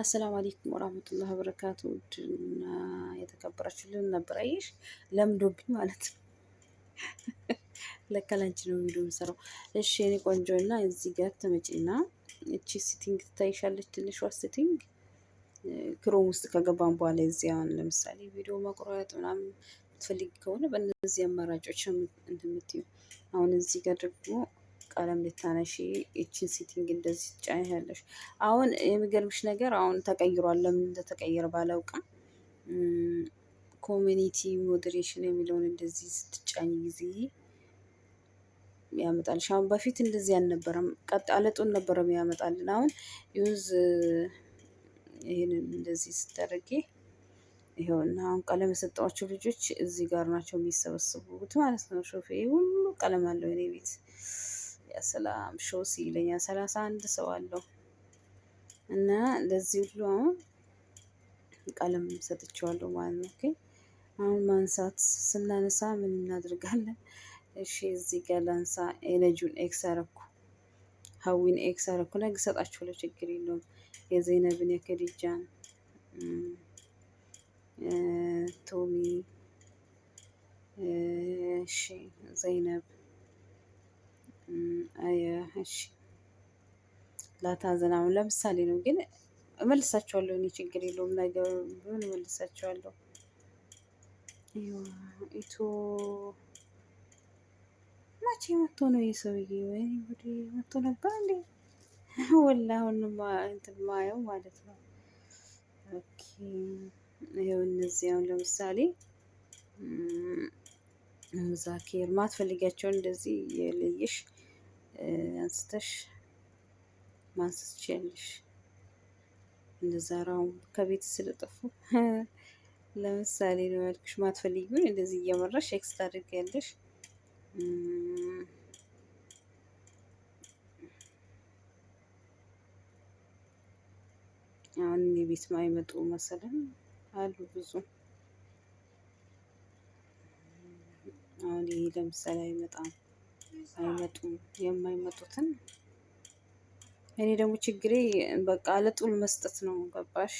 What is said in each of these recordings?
አሰላሙ አለይኩም ወራህመቱላሂ ወበረካቱ። ውድና የተከበራችሁልን ነበር አይሽ ለምዶብኝ ማለት ነው። ለካ ላንቺ ነው ቪዲዮ የምሰራው። እሺ የኔ ቆንጆ እና እዚህ ጋር ተመጪና እቺ ሲቲንግ ትታይሻለች። ትንሿ ሲቲንግ ክሮም ውስጥ ከገባን በኋላ እዚህ አሁን ለምሳሌ ቪዲዮ መቁረጥ ምናምን የምትፈልጊ ከሆነ በእነዚህ አማራጮች እንትን አሁን እዚህ ጋር ደግሞ ቀለም ልታነሺ እችን ሴቲንግ እንደዚህ ጫን ያለሽ። አሁን የሚገርምሽ ነገር አሁን ተቀይሯል። ለምን እንደተቀየረ ባላውቅም ኮሚኒቲ ሞዴሬሽን የሚለውን እንደዚህ ስትጫኝ ጊዜ ያመጣልሽ። አሁን በፊት እንደዚህ አልነበረም፣ ቀጥ አለጡን ነበረም ያመጣልን። አሁን ዩዝ ይህንን እንደዚህ ስታደርጊ ይኸውና አሁን ቀለም የሰጠዋቸው ልጆች እዚህ ጋር ናቸው የሚሰበስቡት ማለት ነው። ሾፌ ሁሉ ቀለም አለው እኔ ቤት ሰላም ሾሲ ይለኛል። ሰላሳ አንድ ሰው አለው እና ለዚህ ሁሉ አሁን ቀለም ሰጥቼዋለሁ ማለት ነው። ኦኬ አሁን ማንሳት ስናነሳ ምን እናደርጋለን? እሺ እዚህ ጋር ላንሳ። ኤነጂውን ኤክስ አረኩ፣ ሀዊን ኤክስ አረኩ። ነገ ሰጣችሁ ለችግር የለውም። የዘይነብን የከዲጃን ቶሚ እሺ ዘይነብ እሺ ላታዝን አሁን ለምሳሌ ነው ግን እመልሳቸዋለሁ። እኔ ችግር የለውም ነገር ቢሆን እመልሳቸዋለሁ። ኢቱ መቼ መቶ ነው የሰውዬ? ወይኔ ጉዴ መቶ ነበር እንዴ? ወላ አሁን እንትን ማየው ማለት ነው። ኦኬ ይኸው እነዚህ አሁን ለምሳሌ ዛኬር ማትፈልጊያቸውን እንደዚህ የለየሽ አንስተሽ ማንሰስ ትችያለሽ። እንደዛ ራውን ከቤት ስለጠፉ ለምሳሌ ነው ያልኩሽ። ማትፈልጊውን እንደዚህ እያመራሽ ኤክስ ታደርጊያለሽ። አሁን እኔ ቤት ማይመጡ መሰለን አሉ ብዙ። አሁን ይሄ ለምሳሌ አይመጣም። አይመጡም። የማይመጡትን እኔ ደግሞ ችግሬ በቃ ለጡል መስጠት ነው። ገባሽ?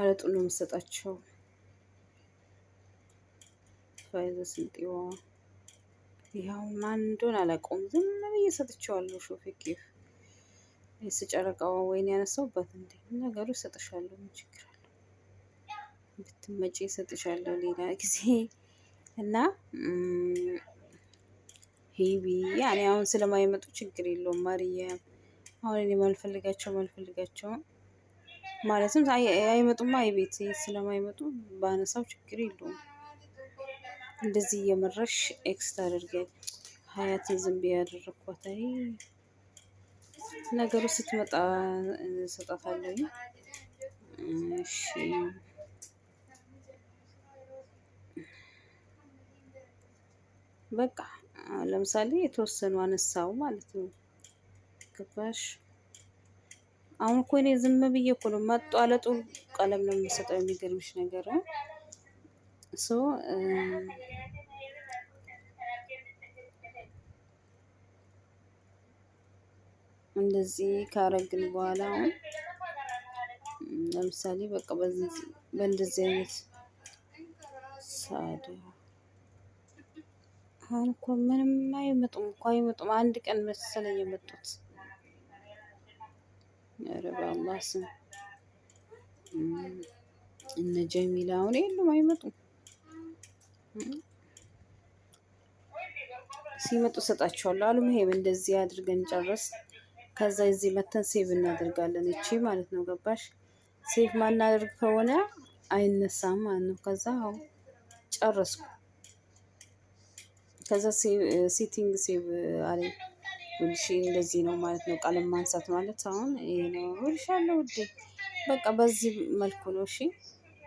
አለጡል ነው የምሰጣቸው። ፈይዘ ስንጤዋ ይኸው ማን እንደሆነ አላውቀውም። ዝም ብዬ ሰጥቼዋለሁ። ሾፌ የስጨረቃዋ ወይን ያነሳውበት እንዴ ነገሩ ይሰጥሻለሁ። ችግር ብትመጪ እሰጥሻለሁ ሌላ ጊዜ እና ሄቢ ያኔ አሁን ስለማይመጡ ችግር የለውም። ማርዬ አሁን እኔ ማልፈልጋቸው ማልፈልጋቸው ማለትም አይመጡማ የቤት ስለማይመጡ በአነሳው ችግር የለውም። እንደዚህ እየመረሽ ኤክስት አድርገኝ ሀያት ዝንብ ያደረግኳት አይ ነገሩ ስትመጣ ሰጣታለኝ። እሺ በቃ ለምሳሌ የተወሰኑ አነሳው ማለት ነው። ገባሽ? አሁን እኮ እኔ ዝም ብዬ እኮ ነው ማጧለጡ ቀለም ነው የሚሰጠው። የሚገርምሽ ነገር ሶ እንደዚህ ካረግን በኋላ አሁን ለምሳሌ በቃ በእንደዚህ አይነት ሳዳ አሁን እኮ ምንም አይመጡም እኮ አይመጡም። አንድ ቀን መሰለኝ የመጡት። ኧረ በአላህ ስም እነ ጀሚላ አሁን የሉም፣ አይመጡም። ሲመጡ ሰጣቸዋለሁ አሉ። ይሄም እንደዚህ አድርገን ጨረስ። ከዛ እዚህ መተን ሴቭ እናደርጋለን። እቺ ማለት ነው ገባሽ? ሴቭ ማናደርግ ከሆነ አይነሳም ማለት ነው። ከዛ አሁን ጨረስኩ። ከዛ ሴቲንግ ሴቭ አለ ሁልሽ እንደዚህ ነው ማለት ነው። ቃል ማንሳት ማለት አሁን ይሄ ነው። ሁልሽ አለ ውዴ። በቃ በዚህ መልኩ ነው እሺ።